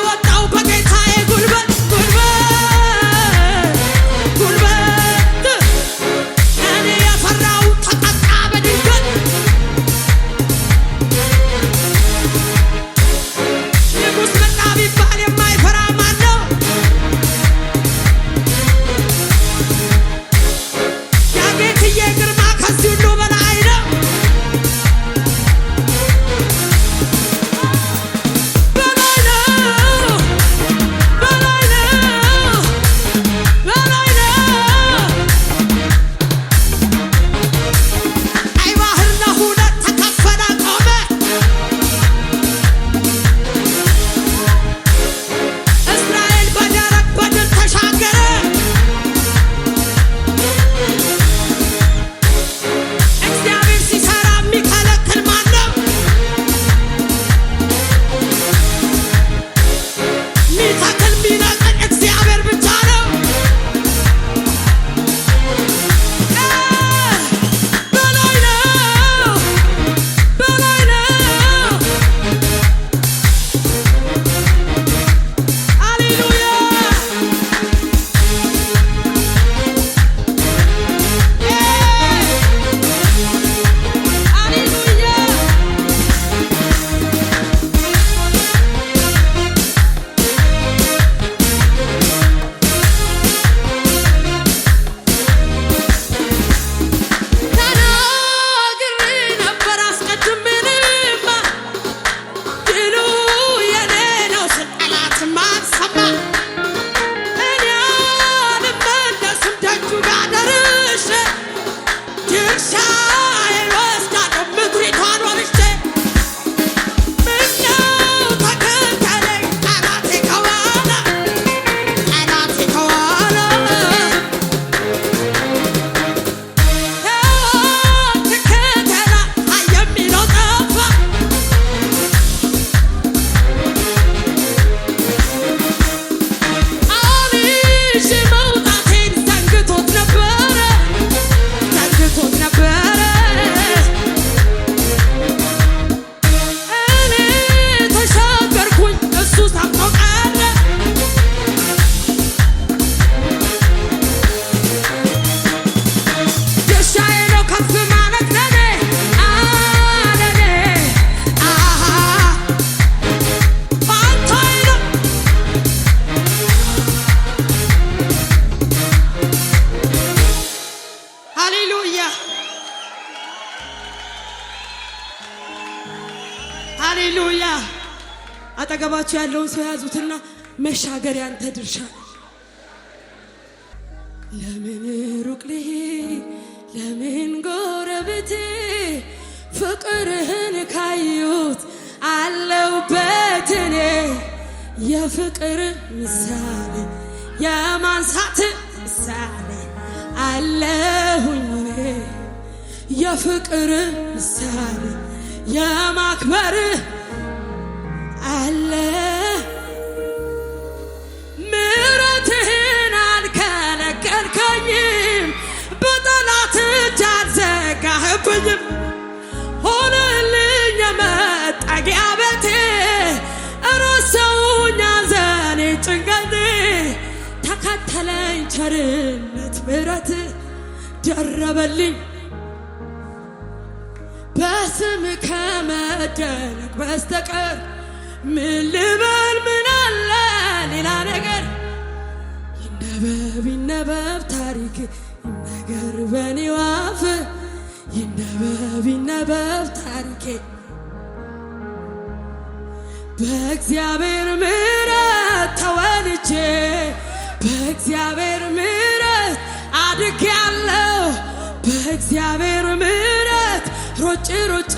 Whatever አጠገባቸው ያለውን ሰው ያዙትና መሻገር ያንተ ድርሻ። ለምን ሩቅ ለምን ጎረቤቴ ፍቅርህን ካዩት አለውበት እኔ የፍቅር ምሳሌ የማንሳት ምሳሌ አለሁኝ እኔ የፍቅር ምሳሌ የማክበርህ አለ ምሕረትህን አልከለከልከኝም፣ በጠላት እጅ አልዘጋህብኝም። ሆነልኝ የመጠጊያ ቤቴ ረሳሁኝ ሐዘኔን ጭንቀቴን። ተከተለኝ ቸርነት ምሕረትህ ደረበልኝ በስምህ ከመደነቅ በስተቀር ምን ልበል ምን አለ ሌላ ነገር ይነበብ ይነበብ ታሪክ ይነገር በኔው አፍ ይነበብ ይነበብ ታሪኬ በእግዚአብሔር ምሕረት ተወልጄ በእግዚአብሔር ምሕረት አድጌያለሁ በእግዚአብሔር ምሕረት ሮጭ ሮጬ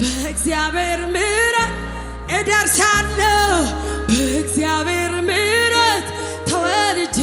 በእግዚአብሔር ምሕረት እደርሳለሁ በእግዚአብሔር ምሕረት ተወልጄ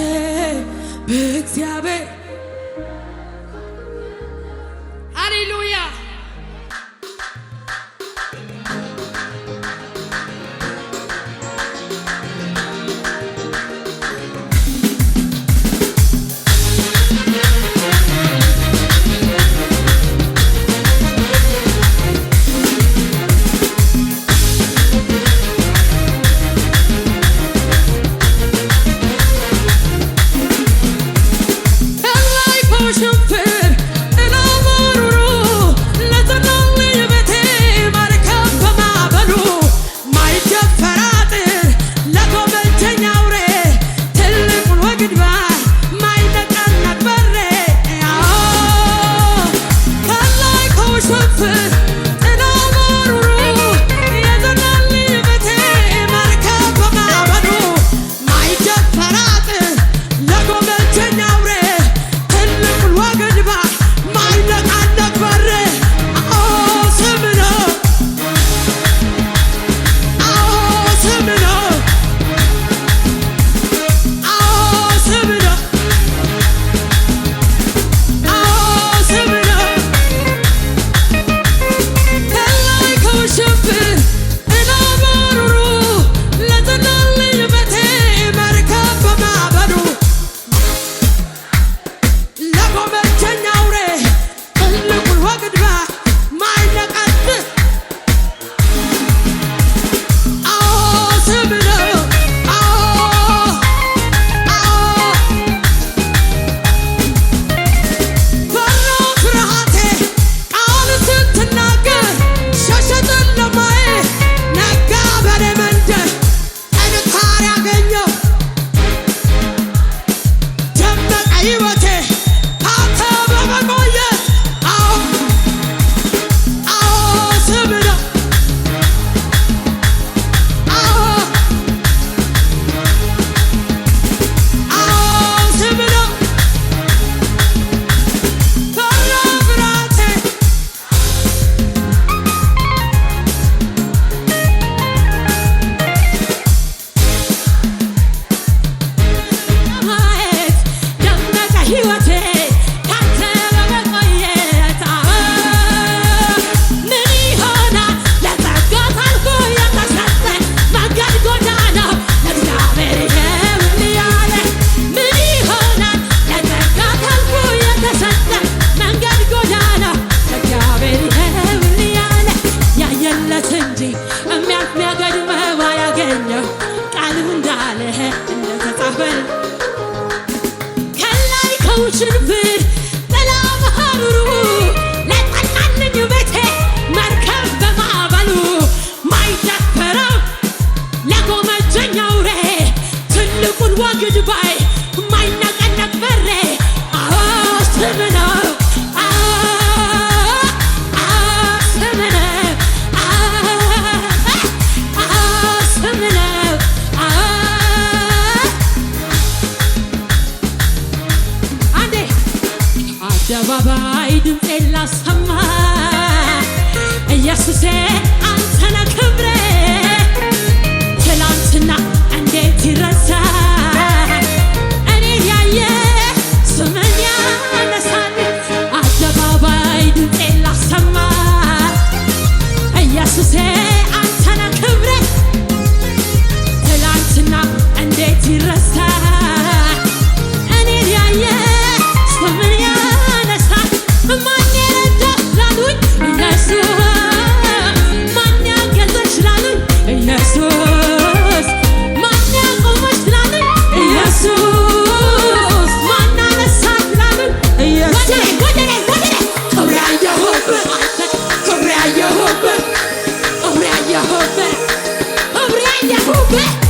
በል ከላይ ከውሽንፍር ጥላ ባህሩ ለጠናንኝ ቤቴ መርከብ በማዕበሉ ማይደፈረው ለጎመጀኝ አውሬ ትልቁን ወግድ ባይ ማይነቀነቅ በሬ አዎ ስምነ አደባባይ ድምፄ ላሰማ ኢየሱሴ አንተ Yeah, move it.